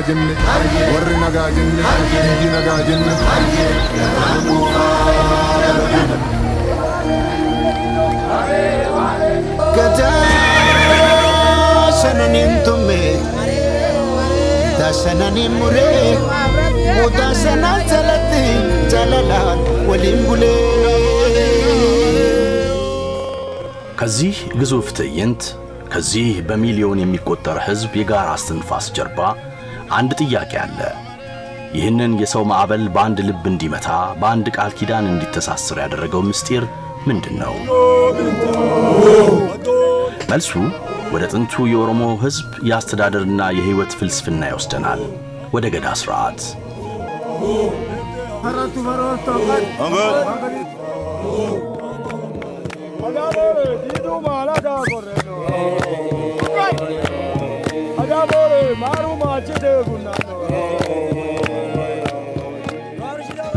ነጋጅነ ወር ነጋጅነ ይ ነጋጅነ ከዚህ ግዙፍ ትይንት ከዚህ በሚሊዮን የሚቆጠር ህዝብ የጋራ እስትንፋስ ጀርባ አንድ ጥያቄ አለ። ይህንን የሰው ማዕበል በአንድ ልብ እንዲመታ በአንድ ቃል ኪዳን እንዲተሳሰር ያደረገው ምስጢር ምንድን ነው? መልሱ ወደ ጥንቱ የኦሮሞ ሕዝብ የአስተዳደርና የሕይወት ፍልስፍና ይወስደናል፣ ወደ ገዳ ሥርዓት።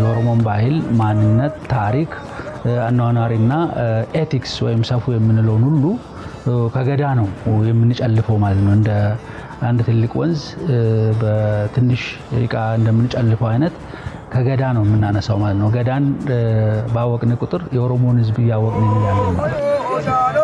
የኦሮሞን ባህል፣ ማንነት፣ ታሪክ፣ አኗኗሪና ኤቲክስ ወይም ሰፉ የምንለውን ሁሉ ከገዳ ነው የምንጨልፈው ማለት ነው። እንደ አንድ ትልቅ ወንዝ በትንሽ እቃ እንደምንጨልፈው አይነት ከገዳ ነው የምናነሳው ማለት ነው። ገዳን ባወቅን ቁጥር የኦሮሞን ሕዝብ እያወቅን ያለ ነው።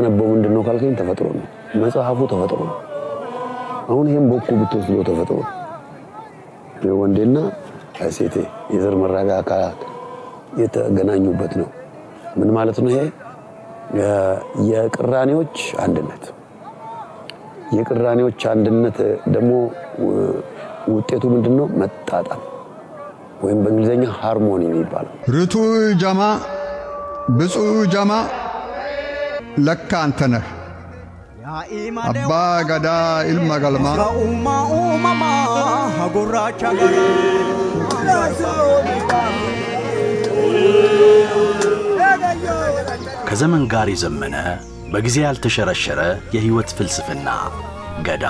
የምናነበው ምንድን ነው ካልከኝ፣ ተፈጥሮ ነው። መጽሐፉ ተፈጥሮ ነው። አሁን ይህም በኩ ብትወስደው ተፈጥሮ ነው። ወንዴና ሴቴ የዘር መራቢያ አካላት የተገናኙበት ነው። ምን ማለት ነው? ይሄ የቅራኔዎች አንድነት የቅራኔዎች አንድነት ደግሞ ውጤቱ ምንድን ነው? መጣጣም ወይም በእንግሊዝኛ ሃርሞኒ የሚባለው ርቱ ጃማ ብፁ ጃማ? ለካ አንተ ነህ አባ ገዳ ኢልመ ገልማ ከዘመን ጋር የዘመነ በጊዜ ያልተሸረሸረ የሕይወት ፍልስፍና ገዳ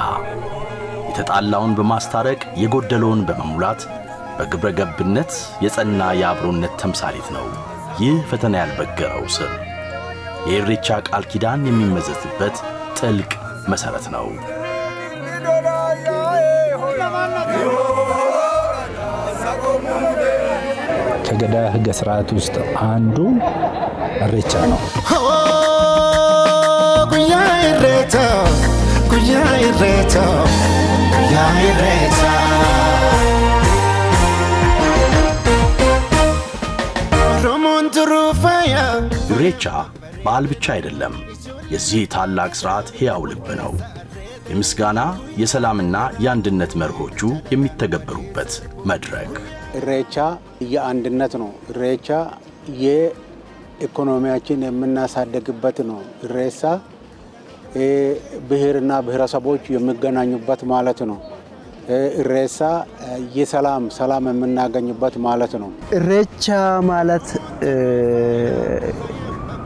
የተጣላውን በማስታረቅ የጎደለውን በመሙላት በግብረ ገብነት የጸና የአብሮነት ተምሳሌት ነው። ይህ ፈተና ያልበገረው ስር። የኢሬቻ ቃል ኪዳን የሚመዘዝበት ጥልቅ መሠረት ነው። ከገዳ ሕገ ሥርዓት ውስጥ አንዱ እሬቻ ነው። ጉያ ኢሬቻ ጉያ ኢሬቻ ጉያ ኢሬቻ ኢሬቻ በዓል ብቻ አይደለም፣ የዚህ ታላቅ ሥርዓት ሕያው ልብ ነው። የምስጋና የሰላምና የአንድነት መርሆቹ የሚተገበሩበት መድረክ። ኢሬቻ የአንድነት ነው። ኢሬቻ የኢኮኖሚያችን የምናሳደግበት ነው። ኢሬቻ ብሔርና ብሔረሰቦች የሚገናኙበት ማለት ነው። ኢሬቻ የሰላም ሰላም የምናገኝበት ማለት ነው። ኢሬቻ ማለት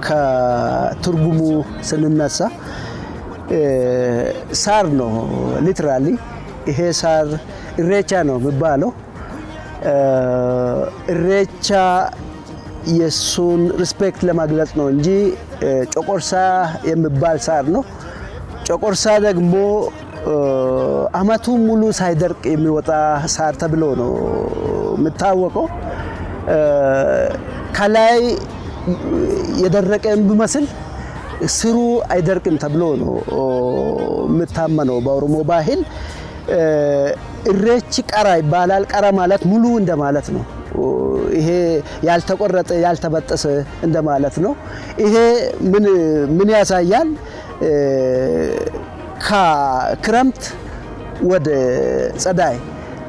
ከትርጉሙ ስንነሳ ሳር ነው። ሊትራሊ ይሄ ሳር እሬቻ ነው የሚባለው። እሬቻ የእሱን ሪስፔክት ለማግለጽ ነው እንጂ ጨቆርሳ የሚባል ሳር ነው። ጮቆርሳ ደግሞ አመቱን ሙሉ ሳይደርቅ የሚወጣ ሳር ተብሎ ነው የሚታወቀው። ከላይ የደረቀ ብመስል ስሩ አይደርቅም ተብሎ ነው የምታመነው በኦሮሞ ባህል። እሬች ቀራ ይባላል። ቀራ ማለት ሙሉ እንደማለት ነው። ይሄ ያልተቆረጠ ያልተበጠሰ እንደማለት ነው። ይሄ ምን ያሳያል? ከክረምት ወደ ጸዳይ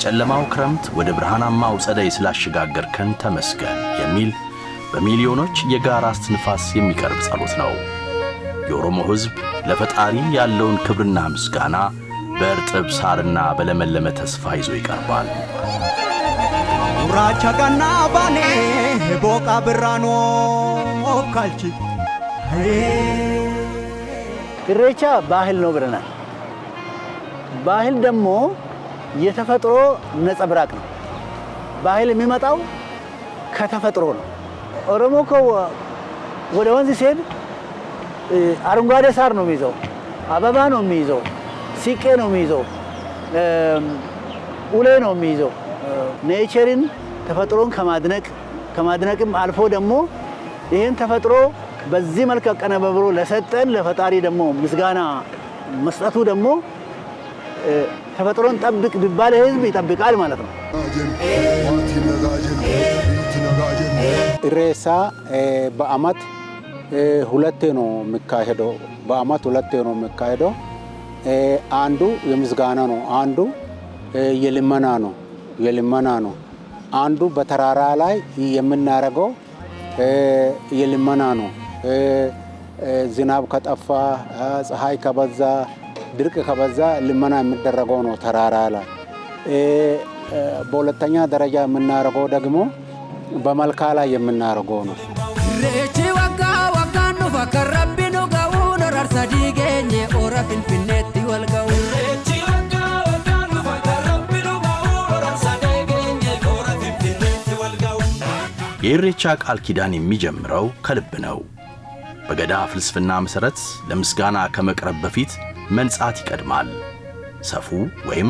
ከጨለማው ክረምት ወደ ብርሃናማው ጸደይ ስላሸጋገርከን ተመስገን የሚል በሚሊዮኖች የጋራ እስትንፋስ የሚቀርብ ጸሎት ነው። የኦሮሞ ሕዝብ ለፈጣሪ ያለውን ክብርና ምስጋና በእርጥብ ሳርና በለመለመ ተስፋ ይዞ ይቀርባል። ራቻ ጋና ባኔ ቦቃ ብራኖ ካልቺ ኢሬቻ ባህል ነው ብለናል። ባህል ደግሞ የተፈጥሮ ነጸብራቅ ነው። በኃይል የሚመጣው ከተፈጥሮ ነው። ኦሮሞ እኮ ወደ ወንዝ ሲሄድ አረንጓዴ ሳር ነው የሚይዘው፣ አበባ ነው የሚይዘው፣ ሲቄ ነው የሚይዘው፣ ኡሌ ነው የሚይዘው። ኔቸርን ተፈጥሮን ከማድነቅ ከማድነቅም አልፎ ደግሞ ይህን ተፈጥሮ በዚህ መልክ አቀነባብሮ ለሰጠን ለፈጣሪ ደግሞ ምስጋና መስጠቱ ደግሞ ተፈጥሮን ጠብቅ ቢባል ህዝብ ይጠብቃል ማለት ነው። ኢሬቻ በአመት ሁለቴ ነው የሚካሄደው። በአመት ሁለቴ ነው የሚካሄደው። አንዱ የምስጋና ነው፣ አንዱ የልመና ነው የልመና ነው። አንዱ በተራራ ላይ የምናደርገው የልመና ነው። ዝናብ ከጠፋ ፀሐይ ከበዛ ድርቅ ከበዛ ልመና የሚደረገው ነው ተራራ ላይ። በሁለተኛ ደረጃ የምናደርገው ደግሞ በመልካ ላይ የምናደርገው ነው። የኢሬቻ ቃል ኪዳን የሚጀምረው ከልብ ነው። በገዳ ፍልስፍና መሠረት ለምስጋና ከመቅረብ በፊት መንጻት ይቀድማል። ሰፉ ወይም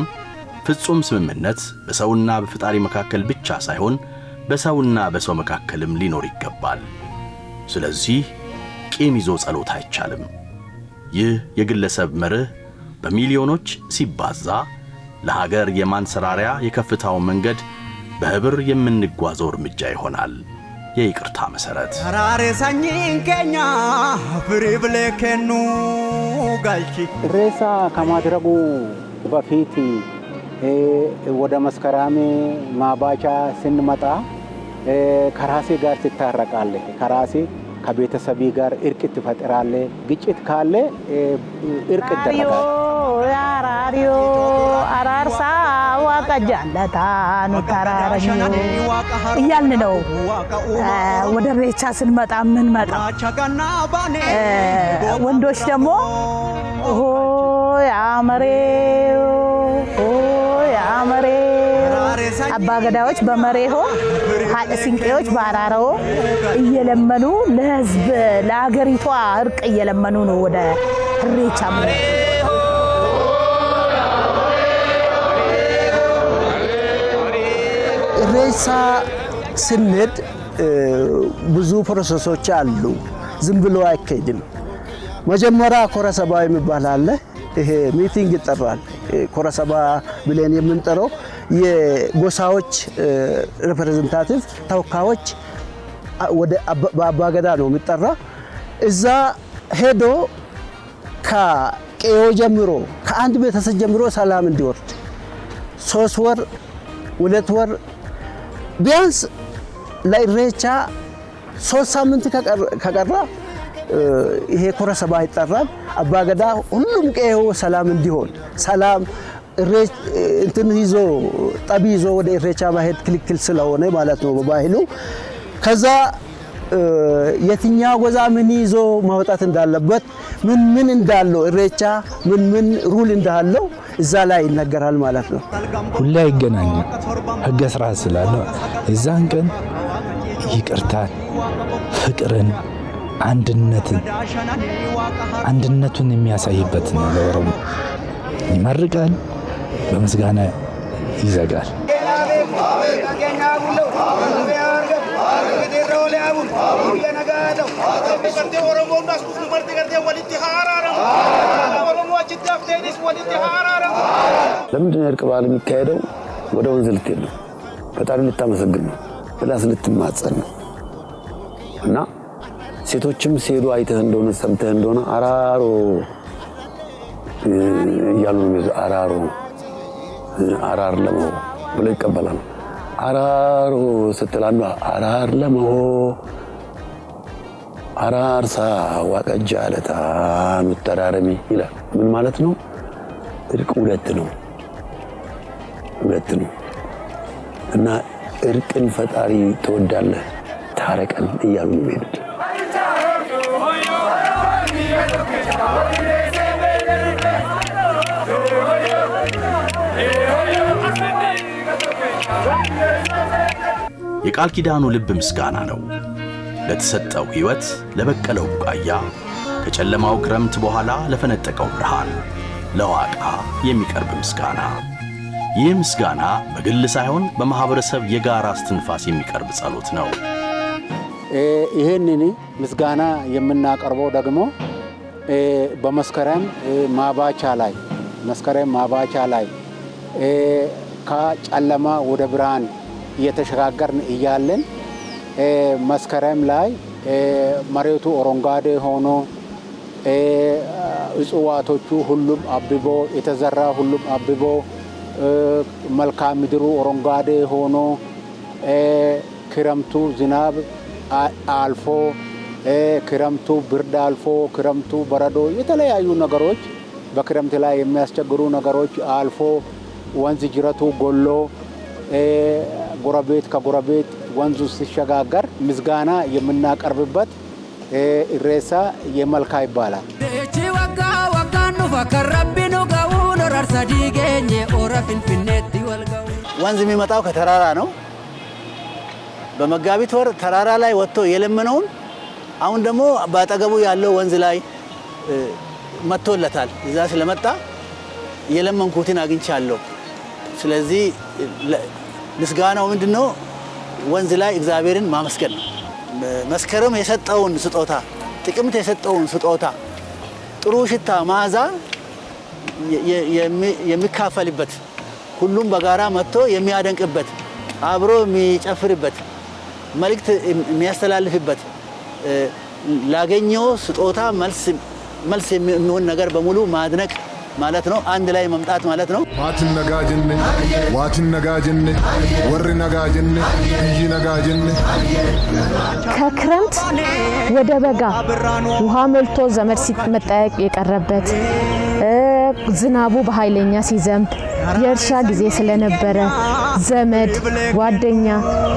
ፍጹም ስምምነት በሰውና በፈጣሪ መካከል ብቻ ሳይሆን በሰውና በሰው መካከልም ሊኖር ይገባል። ስለዚህ ቂም ይዞ ጸሎት አይቻልም። ይህ የግለሰብ መርህ በሚሊዮኖች ሲባዛ ለሀገር የማንሰራሪያ የከፍታው መንገድ በህብር የምንጓዘው እርምጃ ይሆናል። የይቅርታ መሰረት ራሬሳኝን ንኬኛ ፍሪብሌኬኑ ጋልቺ ሬሳ ከማድረጉ በፊት ወደ መስከረም ማባቻ ስንመጣ ከራሴ ጋር ትታረቃለ ከራሴ ከቤተሰቢ ጋር እርቅ ትፈጥራለ ግጭት ካለ እርቅ ይደረጋል። karariyo araarሳ ዋቃ ጃለታ ንከራረኝ እያልን ነው። ወደ ኢሬቻ ስንመጣ ምን መጣ eh, ወንዶች ደግሞ ሆይ አመሬው ሆይ አመሬው አባገዳዎች በመሬሆ ሲንቄዎች በአራረው እየለመኑ ለህዝብ ለሀገሪቷ እርቅ እየለመኑ ነው ወደ ኢሬቻ ወላይታ ስንሄድ ብዙ ፕሮሰሶች አሉ። ዝም ብሎ አይካሄድም። መጀመሪያ ኮረሰባ የሚባል አለ። ይሄ ሚቲንግ ይጠራል። ኮረሰባ ብለን የምንጠራው የጎሳዎች ሪፕሬዘንታቲቭ ተወካዮች ወደ በአባገዳ ነው የሚጠራ። እዛ ሄዶ ከቀዮ ጀምሮ ከአንድ ቤተሰብ ጀምሮ ሰላም እንዲወርድ ሶስት ወር ሁለት ወር ቢያንስ ለኢሬቻ ሶስት ሳምንት ከቀራ ይሄ ኮረሰባ ይጠራል። አባገዳ ሁሉም ቀዬው ሰላም እንዲሆን ሰላም እንትን ይዞ ጠቢ ይዞ ወደ ኢሬቻ ማሄድ ክልክል ስለሆነ ማለት ነው በባህሉ ከዛ የትኛው ጎዛ ምን ይዞ ማውጣት እንዳለበት ምን ምን እንዳለው እሬቻ ምን ምን ሩል እንዳለው እዛ ላይ ይነገራል ማለት ነው። ሁላ አይገናኝም ህገ ስራ ስላለው እዛን ቀን ይቅርታን፣ ፍቅርን፣ አንድነትን አንድነቱን የሚያሳይበት ነው። ለኦሮሞ ይመርቃል፣ በምስጋና ይዘጋል። ዳቡን ለነጋደው ቀርቴ ኦሮሞና ሱሱ መርት ቀርቴ ወልቲ ኦሮሞ ለምንድን እርቅ በዓል የሚካሄደው? ወደ ወንዝ ልትሄድ ነው፣ በጣም ልታመሰግን ነው፣ ብላስ ልትማጸን ነው እና ሴቶችም ሲሄዱ አይተህ እንደሆነ ሰምተህ እንደሆነ አራሮ እያሉ ነው። አራሮ አራር ለመሆ ብሎ ይቀበላል። አራሩ ስትል አንዷ አራር ለመሆ አራርሳ ዋቀጃ ለታን ተራረሚ ይላል። ምን ማለት ነው? እርቅ ሁለት ነው ሁለት ነው እና እርቅን ፈጣሪ ትወዳለህ፣ ታረቀን እያሉ ነው የሚሄዱት። የቃል ኪዳኑ ልብ ምስጋና ነው። ለተሰጠው ሕይወት፣ ለበቀለው ቡቃያ፣ ከጨለማው ክረምት በኋላ ለፈነጠቀው ብርሃን፣ ለዋቃ የሚቀርብ ምስጋና። ይህ ምስጋና በግል ሳይሆን በማኅበረሰብ የጋራ እስትንፋስ የሚቀርብ ጸሎት ነው። ይህንን ምስጋና የምናቀርበው ደግሞ በመስከረም ማባቻ ላይ መስከረም ማባቻ ላይ ከጨለማ ወደ ብርሃን እየተሸጋገርን እያለን መስከረም ላይ መሬቱ አረንጓዴ ሆኖ እጽዋቶቹ ሁሉም አብቦ የተዘራ ሁሉም አብቦ መልካ ምድሩ አረንጓዴ ሆኖ ክረምቱ ዝናብ አልፎ ክረምቱ ብርድ አልፎ ክረምቱ በረዶ የተለያዩ ነገሮች በክረምት ላይ የሚያስቸግሩ ነገሮች አልፎ ወንዝ ጅረቱ ጎሎ ጎረቤት ከጎረቤት ወንዙ ሲሸጋገር ምስጋና የምናቀርብበት እሬሳ የመልካ ይባላል። ወንዝ የሚመጣው ከተራራ ነው። በመጋቢት ወር ተራራ ላይ ወጥቶ የለመነውን አሁን ደግሞ በአጠገቡ ያለው ወንዝ ላይ መጥቶለታል። እዛ ስለመጣ የለመንኩትን አግኝቻለሁ። ስለዚህ ምስጋናው ምንድን ነው? ወንዝ ላይ እግዚአብሔርን ማመስገን ነው። መስከረም የሰጠውን ስጦታ፣ ጥቅምት የሰጠውን ስጦታ ጥሩ ሽታ መዓዛ የሚካፈልበት ሁሉም በጋራ መጥቶ የሚያደንቅበት አብሮ የሚጨፍርበት መልእክት የሚያስተላልፍበት ላገኘው ስጦታ መልስ የሚሆን ነገር በሙሉ ማድነቅ ማለት ነው። አንድ ላይ መምጣት ማለት ነው። ዋትን ነጋጅን ዋትን ነጋጅን ወር ነጋጅን እይ ነጋጅን ከክረምት ወደ በጋ ውሃ መልቶ ዘመድ ሲመጠየቅ የቀረበት ዝናቡ በኃይለኛ ሲዘንብ የእርሻ ጊዜ ስለነበረ ዘመድ ጓደኛ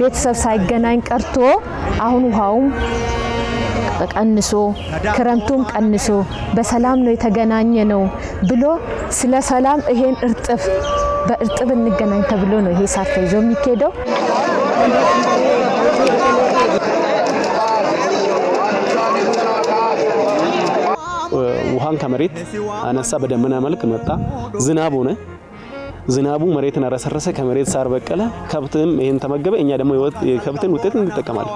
ቤተሰብ ሳይገናኝ ቀርቶ አሁን ውሃውም ቀንሶ ክረምቱም ቀንሶ በሰላም ነው የተገናኘ ነው ብሎ ስለ ሰላም ይሄን እርጥብ በእርጥብ እንገናኝ ተብሎ ነው ይሄ ሳር ተይዞ የሚካሄደው። ውሃን ከመሬት አነሳ፣ በደመና መልክ መጣ፣ ዝናብ ሆነ። ዝናቡ መሬትን አረሰረሰ፣ ከመሬት ሳር በቀለ፣ ከብትም ይህን ተመገበ። እኛ ደግሞ የከብትን ውጤት እንጠቀማለን፣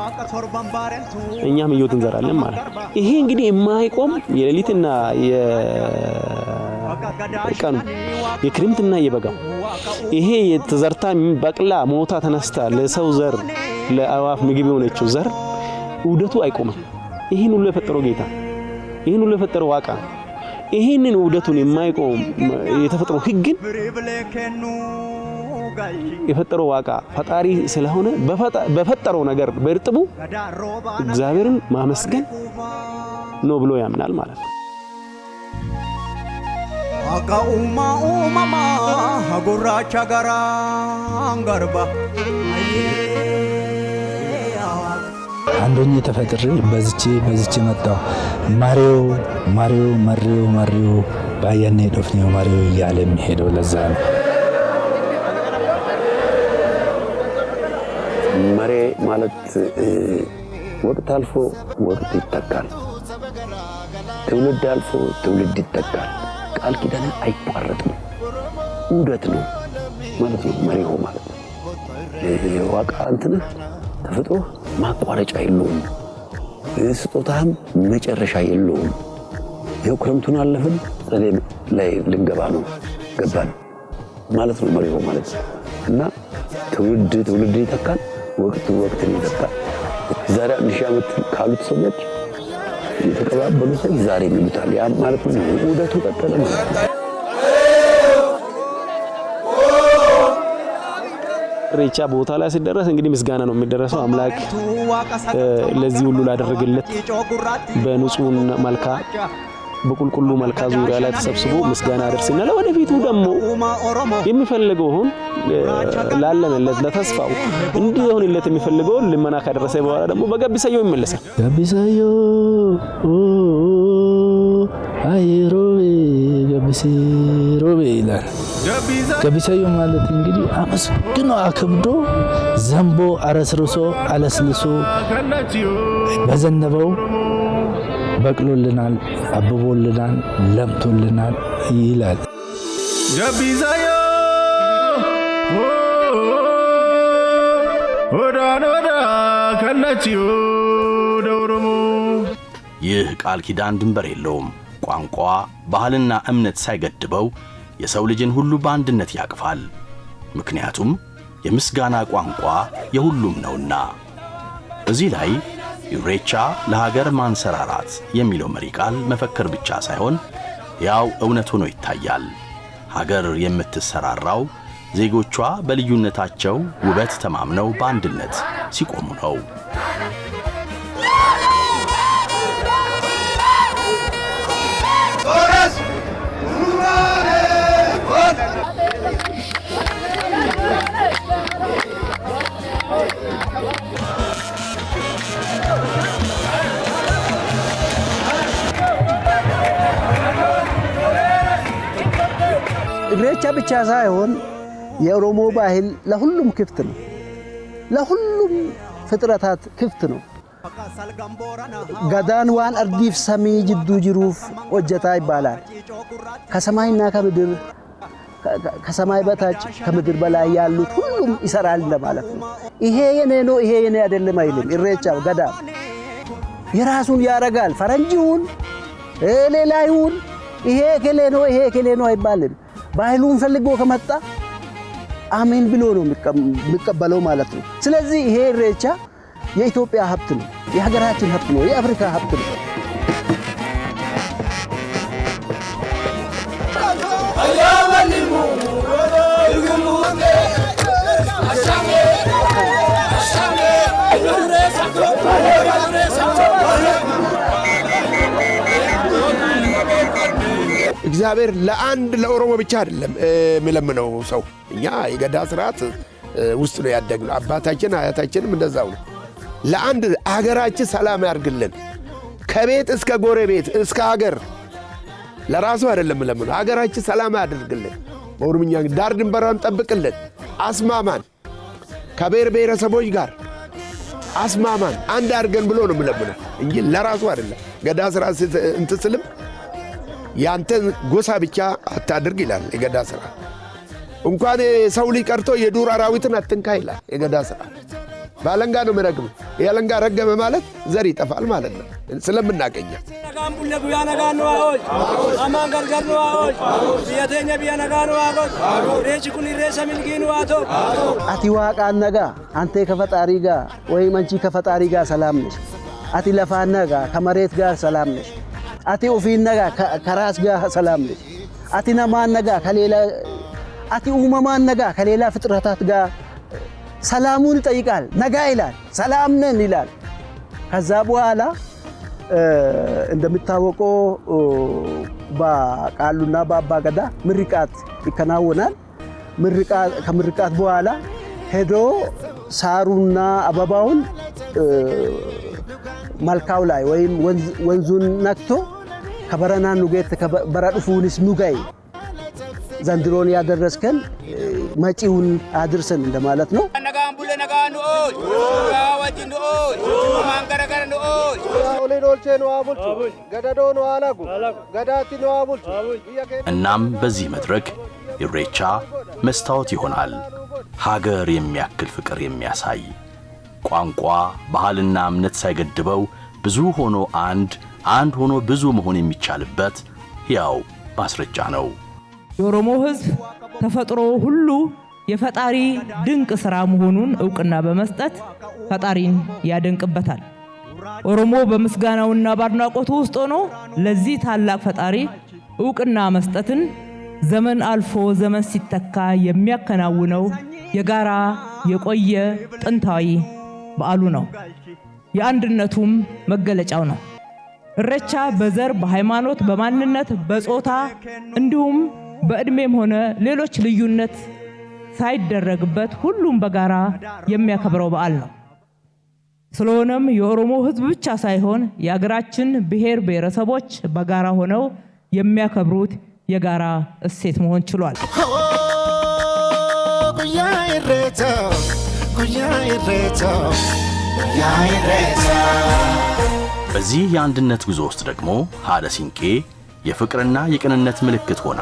እኛም እዮት እንዘራለን ማለት ነው። ይሄ እንግዲህ የማይቆም የሌሊትና የቀኑ የክረምትና የበጋው ይሄ የተዘርታ በቅላ ሞታ ተነስታ ለሰው ዘር ለአዋፍ ምግብ የሆነችው ዘር ውደቱ አይቆምም። ይህን ሁሉ የፈጠረው ጌታ ይህን ሁሉ የፈጠረው ዋቃ ይህንን ውደቱን የማይቆም የተፈጥሮ ህግን የፈጠረው ዋቃ ፈጣሪ ስለሆነ በፈጠረው ነገር በእርጥቡ እግዚአብሔርን ማመስገን ነው ብሎ ያምናል ማለት ነው። አቃ ኡማ ኡማማ ሀጎራቻ ጋራ አንጋርባ አንደኛ ተፈቅሬ በዝቼ በዝቼ መጣው ማሪዮ ማሪዮ መሬው መሬው ባያኔ ዶፍኔው ማሪዮ እያለ የሚሄደው ለዛ ነው። መሬ ማለት ወቅት አልፎ ወቅት ይተካል፣ ትውልድ አልፎ ትውልድ ይተካል። ቃል ኪዳን አይቋረጥም፣ ውደት ነው ማለት ነው። መሬው ማለት ነው ዋቃ እንትንህ ተፈጥሮ ማቋረጫ የለውም። ስጦታም መጨረሻ የለውም። ይኸው ክረምቱን አለፍን፣ ጸደይ ላይ ልንገባ ነው ገባን ማለት ነው መሪሆ ማለት እና ትውልድ ትውልድ ይተካል፣ ወቅት ወቅትን ይተካል። ዛሬ አንድ ሺህ ዓመት ካሉት ሰዎች የተቀባበሉ ሰዎች ዛሬ ይሉታል። ያ ማለት ነው ውደቱ ቀጠለ ማለት ነው። ሬቻ ቦታ ላይ ሲደረስ እንግዲህ ምስጋና ነው የሚደረሰው። አምላክ ለዚህ ሁሉ ላደረግለት በንጹህ መልካ በቁልቁሉ መልካ ዙሪያ ላይ ተሰብስቦ ምስጋና አደርስና ለወደፊቱ ደግሞ ሁን ላለመለት ለተስፋው እንዲሆንለት የሚፈልገውን ልመና ካደረሰ በኋላ ደግሞ በጋቢሳዮ ይመለሳል። ጋቢሳዮ አይሮቤ ገሚሴሮቤ ይላል። ገቢሳዩ ማለት እንግዲህ አመስግኖ አክብዶ ዘንቦ አረስርሶ አለስልሶ በዘነበው በቅሎልናል፣ አብቦልናል፣ ለምቶልናል ይላል። ገቢሳዮ ወዳን ወዳ ከነችዮ ይህ ቃል ኪዳን ድንበር የለውም። ቋንቋ፣ ባህልና እምነት ሳይገድበው የሰው ልጅን ሁሉ በአንድነት ያቅፋል። ምክንያቱም የምስጋና ቋንቋ የሁሉም ነውና። እዚህ ላይ ኢሬቻ ለሀገር ማንሰራራት የሚለው መሪ ቃል መፈክር ብቻ ሳይሆን ያው እውነት ሆኖ ይታያል። ሀገር የምትሰራራው ዜጎቿ በልዩነታቸው ውበት ተማምነው በአንድነት ሲቆሙ ነው። ኢሬቻ ብቻ ሳይሆን የኦሮሞ ባህል ለሁሉም ክፍት ነው፣ ለሁሉም ፍጥረታት ክፍት ነው። ገዳን ዋን ardiif samii ጅዱ ጅሩፍ hojjetaa ይባላል። ከሰማይና ከምድር ከሰማይ በታች ከምድር በላይ ያሉት ሁሉም ይሰራል ለማለት ነው። ይሄ የኔ ነው ይሄ የኔ አይደለም አይልም። ኢሬቻ ገዳን የራሱን ያረጋል። ፈረንጂውን ሌላዩን ይሄ ከሌ ነው ይሄ ከሌ ነው አይባልም። ባህሉን ፈልጎ ከመጣ አሜን ብሎ ነው የሚቀበለው ማለት ነው። ስለዚህ ይሄ ኢሬቻ የኢትዮጵያ ሀብት ነው። የሀገራችን ሀብት ነው። የአፍሪካ ሀብት ነው። እግዚአብሔር ለአንድ ለኦሮሞ ብቻ አይደለም የሚለምነው ሰው። እኛ የገዳ ስርዓት ውስጥ ነው ያደግነው። አባታችን አያታችንም እንደዛው ነው። ለአንድ አገራችን ሰላም ያርግልን። ከቤት እስከ ጎረቤት እስከ አገር ለራሱ አይደለም ለምን አገራችን ሰላም ያድርግልን። በኦሮምኛ ዳር ድንበራን ጠብቅልን፣ አስማማን ከብሔር ብሔረሰቦች ጋር አስማማን አንድ አድርገን ብሎ ነው የምለምነው እንጂ ለራሱ አይደለም። ገዳ ስራ እንትስልም ያንተን ጎሳ ብቻ አታድርግ ይላል የገዳ ስራ። እንኳን ሰው ሊቀርቶ የዱር አራዊትን አትንካ ይላል የገዳ ስራ። በአለንጋ ነው የሚረግም። የአለንጋ ረገመ ማለት ዘር ይጠፋል ማለት ነው። ስለምናገኘ አቲ ዋቃ ነጋ አንቴ ከፈጣሪ ጋ ወይ መንቺ ከፈጣሪ ጋ ሰላም ነሽ። አቲ ለፋ ነጋ ከመሬት ጋር ሰላም ነሽ። አቲ ኡፊ ነጋ ከራስ ጋር ሰላም ነሽ። አቲ ነማ ነጋ ከሌላ አቲ ኡመማ ነጋ ከሌላ ፍጥረታት ጋር ሰላሙን ይጠይቃል። ነጋ ይላል፣ ሰላም ነን ይላል። ከዛ በኋላ እንደሚታወቀው በቃሉና በአባ ገዳ ምርቃት ይከናወናል። ከምርቃት በኋላ ሄዶ ሳሩና አበባውን መልካው ላይ ወይም ወንዙን ነክቶ ከበረና ኑጌት በረድፉንስ ኑጋይ ዘንድሮን ያደረስከን መጪውን አድርሰን እንደማለት ነው። nagaa እናም በዚህ መድረክ ኢሬቻ መስታወት ይሆናል ሀገር የሚያክል ፍቅር የሚያሳይ ቋንቋ ባህልና እምነት ሳይገድበው ብዙ ሆኖ አንድ አንድ ሆኖ ብዙ መሆን የሚቻልበት ሕያው ማስረጃ ነው። የኦሮሞ ሕዝብ ተፈጥሮ ሁሉ የፈጣሪ ድንቅ ስራ መሆኑን እውቅና በመስጠት ፈጣሪን ያደንቅበታል። ኦሮሞ በምስጋናውና በአድናቆቱ ውስጥ ሆኖ ለዚህ ታላቅ ፈጣሪ እውቅና መስጠትን ዘመን አልፎ ዘመን ሲተካ የሚያከናውነው የጋራ የቆየ ጥንታዊ በዓሉ ነው። የአንድነቱም መገለጫው ነው። እረቻ በዘር፣ በሃይማኖት፣ በማንነት፣ በጾታ እንዲሁም በዕድሜም ሆነ ሌሎች ልዩነት ሳይደረግበት ሁሉም በጋራ የሚያከብረው በዓል ነው። ስለሆነም የኦሮሞ ሕዝብ ብቻ ሳይሆን የሀገራችን ብሔር ብሔረሰቦች በጋራ ሆነው የሚያከብሩት የጋራ እሴት መሆን ችሏል። በዚህ የአንድነት ጉዞ ውስጥ ደግሞ ሀደ ሲንቄ የፍቅርና የቅንነት ምልክት ሆና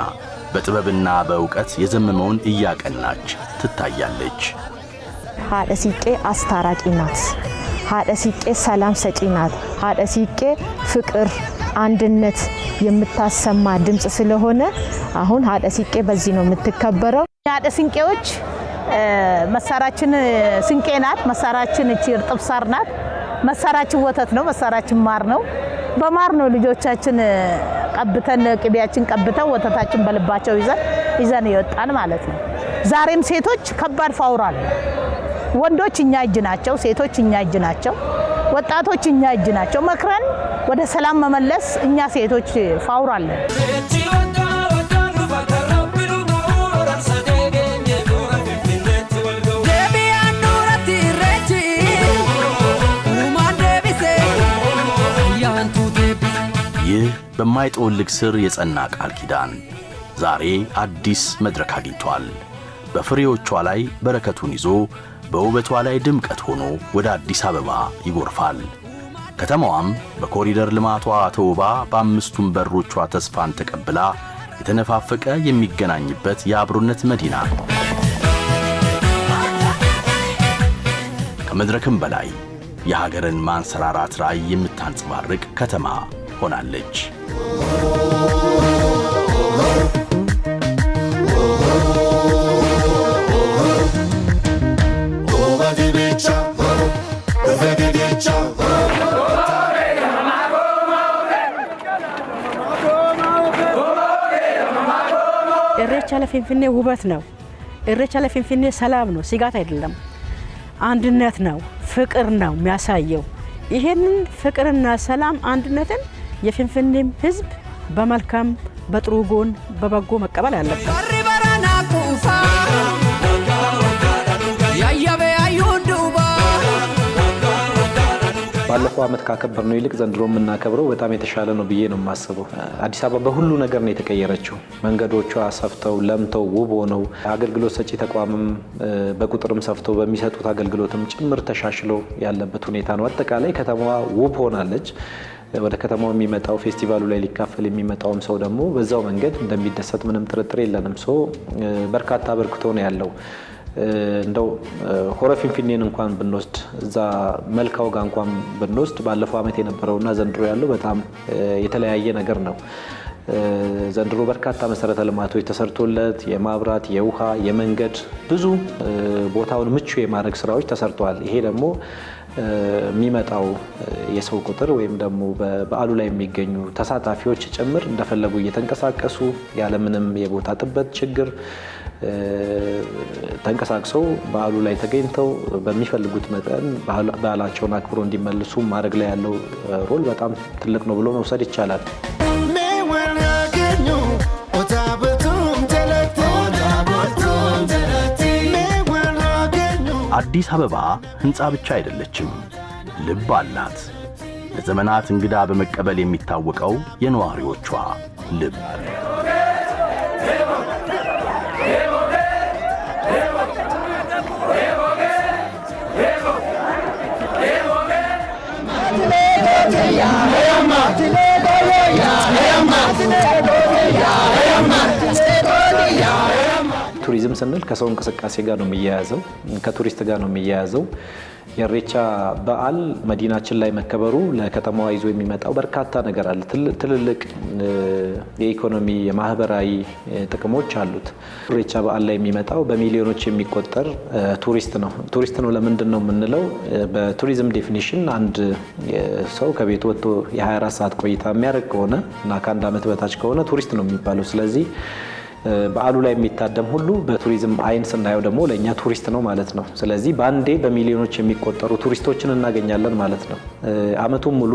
በጥበብና በእውቀት የዘመመውን እያቀናች ትታያለች። ሀደ ሲቄ አስታራቂ ናት። ሀደ ሲቄ ሰላም ሰጪ ናት። ሀደ ሲቄ ፍቅር፣ አንድነት የምታሰማ ድምፅ ስለሆነ አሁን ሀደ ሲቄ በዚህ ነው የምትከበረው። ሀደ ሲንቄዎች መሳራችን ስንቄ ናት። መሳራችን እቺ እርጥብ ሳር ናት። መሳራችን ወተት ነው። መሳራችን ማር ነው። በማር ነው ልጆቻችን ቀብተን ቅቤያችን ቀብተው ወተታችን በልባቸው ይዘን ይዘን ይወጣን ማለት ነው። ዛሬም ሴቶች ከባድ ፋውራል ወንዶች እኛ እጅ ናቸው፣ ሴቶች እኛ እጅ ናቸው፣ ወጣቶች እኛ እጅ ናቸው። መክረን ወደ ሰላም መመለስ እኛ ሴቶች ፋውራለን። ይህ በማይጠወልግ ስር የጸና ቃል ኪዳን ዛሬ አዲስ መድረክ አግኝቷል። በፍሬዎቿ ላይ በረከቱን ይዞ በውበቷ ላይ ድምቀት ሆኖ ወደ አዲስ አበባ ይጎርፋል። ከተማዋም በኮሪደር ልማቷ ተውባ በአምስቱም በሮቿ ተስፋን ተቀብላ የተነፋፈቀ የሚገናኝበት የአብሮነት መዲና ነው። ከመድረክም በላይ የሀገርን ማንሰራራት ራዕይ የምታንጸባርቅ ከተማ ሆናለች። እሬቻ ለፊንፊኔ ውበት ነው። እሬቻ ለፊንፊኔ ሰላም ነው፣ ስጋት አይደለም። አንድነት ነው፣ ፍቅር ነው የሚያሳየው። ይህንን ፍቅርና ሰላም አንድነትን የፊንፊኔም ህዝብ በመልካም በጥሩ ጎን በበጎ መቀበል አለበት። ባለፈው ዓመት ነው ይልቅ ዘንድሮ የምናከብረው በጣም የተሻለ ነው ብዬ ነው የማስበው። አዲስ አበባ በሁሉ ነገር ነው የተቀየረችው። መንገዶቿ ሰፍተው ለምተው ውብ ሆነው አገልግሎት ሰጪ ተቋምም በቁጥርም ሰፍተው በሚሰጡት አገልግሎትም ጭምር ተሻሽለው ያለበት ሁኔታ ነው። አጠቃላይ ከተማዋ ውብ ሆናለች። ወደ ከተማው የሚመጣው ፌስቲቫሉ ላይ ሊካፈል የሚመጣውም ሰው ደግሞ በዛው መንገድ እንደሚደሰት ምንም ጥርጥር የለንም። ሶ በርካታ አበርክቶ ነው ያለው። እንደው ሆረ ፊንፊኔን እንኳን ብንወስድ እዛ መልካው ጋር እንኳን ብንወስድ ባለፈው ዓመት የነበረውና ዘንድሮ ያለው በጣም የተለያየ ነገር ነው። ዘንድሮ በርካታ መሰረተ ልማቶች ተሰርቶለት የማብራት፣ የውሃ፣ የመንገድ ብዙ ቦታውን ምቹ የማድረግ ስራዎች ተሰርተዋል። ይሄ ደግሞ የሚመጣው የሰው ቁጥር ወይም ደግሞ በበዓሉ ላይ የሚገኙ ተሳታፊዎች ጭምር እንደፈለጉ እየተንቀሳቀሱ ያለምንም የቦታ ጥበት ችግር ተንቀሳቅሰው በዓሉ ላይ ተገኝተው በሚፈልጉት መጠን በዓላቸውን አክብሮ እንዲመልሱ ማድረግ ላይ ያለው ሮል በጣም ትልቅ ነው ብሎ መውሰድ ይቻላል። አዲስ አበባ ሕንፃ ብቻ አይደለችም፣ ልብ አላት። ለዘመናት እንግዳ በመቀበል የሚታወቀው የነዋሪዎቿ ልብ Yeah. ቱሪዝም ስንል ከሰው እንቅስቃሴ ጋር ነው የሚያያዘው፣ ከቱሪስት ጋር ነው የሚያያዘው። የኢሬቻ በዓል መዲናችን ላይ መከበሩ ለከተማዋ ይዞ የሚመጣው በርካታ ነገር አለ። ትልልቅ የኢኮኖሚ የማህበራዊ ጥቅሞች አሉት። ኢሬቻ በዓል ላይ የሚመጣው በሚሊዮኖች የሚቆጠር ቱሪስት ነው። ቱሪስት ነው ለምንድን ነው የምንለው? በቱሪዝም ዴፊኒሽን አንድ ሰው ከቤት ወጥቶ የ24 ሰዓት ቆይታ የሚያደርግ ከሆነ እና ከአንድ ዓመት በታች ከሆነ ቱሪስት ነው የሚባለው። ስለዚህ በዓሉ ላይ የሚታደም ሁሉ በቱሪዝም አይን ስናየው ደግሞ ለእኛ ቱሪስት ነው ማለት ነው። ስለዚህ በአንዴ በሚሊዮኖች የሚቆጠሩ ቱሪስቶችን እናገኛለን ማለት ነው። አመቱን ሙሉ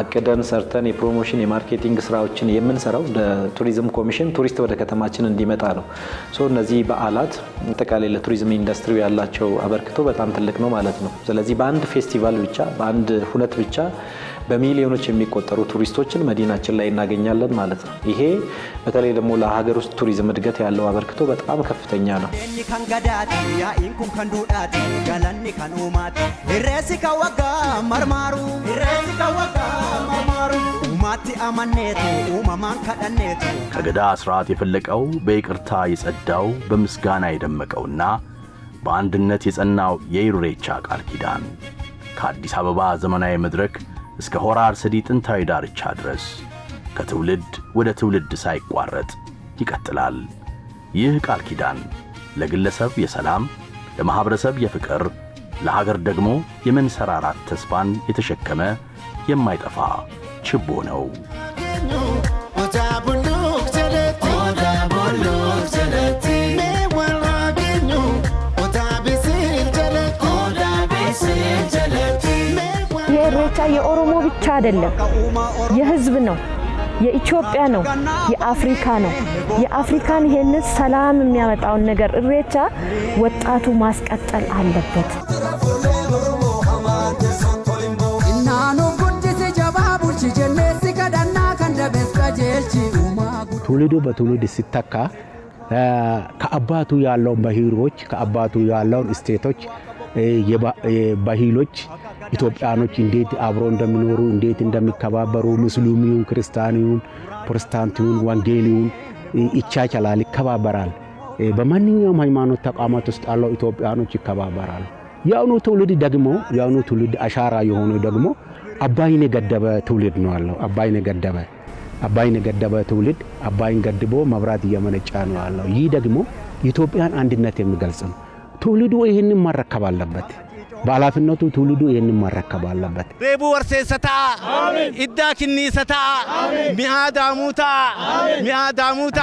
አቅደን ሰርተን የፕሮሞሽን የማርኬቲንግ ስራዎችን የምንሰራው ለቱሪዝም ኮሚሽን ቱሪስት ወደ ከተማችን እንዲመጣ ነው። ሶ እነዚህ በዓላት አጠቃላይ ለቱሪዝም ኢንዱስትሪ ያላቸው አበርክቶ በጣም ትልቅ ነው ማለት ነው። ስለዚህ በአንድ ፌስቲቫል ብቻ በአንድ ሁነት ብቻ በሚሊዮኖች የሚቆጠሩ ቱሪስቶችን መዲናችን ላይ እናገኛለን ማለት ነው። ይሄ በተለይ ደግሞ ለሀገር ውስጥ ቱሪዝም እድገት ያለው አበርክቶ በጣም ከፍተኛ ነው። ከገዳ ስርዓት የፈለቀው በይቅርታ የጸዳው በምስጋና የደመቀውና በአንድነት የጸናው የኢሬቻ ቃል ኪዳን ከአዲስ አበባ ዘመናዊ መድረክ እስከ ሆራ አርሰዲ ጥንታዊ ዳርቻ ድረስ ከትውልድ ወደ ትውልድ ሳይቋረጥ ይቀጥላል። ይህ ቃል ኪዳን ለግለሰብ የሰላም ለማኅበረሰብ የፍቅር ለሀገር ደግሞ የመንሰራራት ተስፋን የተሸከመ የማይጠፋ ችቦ ነው። አይደለም፣ የህዝብ ነው፣ የኢትዮጵያ ነው፣ የአፍሪካ ነው። የአፍሪካን ይሄንን ሰላም የሚያመጣውን ነገር እሬቻ ወጣቱ ማስቀጠል አለበት። ትውልዱ በትውልድ ሲተካ ከአባቱ ያለውን ባህሎች ከአባቱ ያለውን ስቴቶች ባህሎች ኢትዮጵያኖች እንዴት አብሮ እንደሚኖሩ እንዴት እንደሚከባበሩ ሙስሊም ይሁን ክርስቲያን ይሁን ፕሮቴስታንት ይሁን ወንጌል ይሁን ይቻቻላል፣ ይከባበራል። በማንኛውም ሃይማኖት ተቋማት ውስጥ ያለው ኢትዮጵያኖች ይከባበራሉ። የአሁኑ ትውልድ ደግሞ የአሁኑ ትውልድ አሻራ የሆነ ደግሞ አባይን የገደበ ትውልድ ነው ያለው። አባይን የገደበ አባይን የገደበ ትውልድ አባይን ገድቦ መብራት እየመነጫ ነው ያለው። ይህ ደግሞ የኢትዮጵያን አንድነት የሚገልጽ ነው። ትውልዱ ይህንን መረከብ አለበት። በኃላፊነቱ ትውልዱ ይህን መረከብ አለበት። ሬቡ ወርሴሰታ ኢዳ ኪኒሰታ ሚአዳሙታ ሚአዳሙታ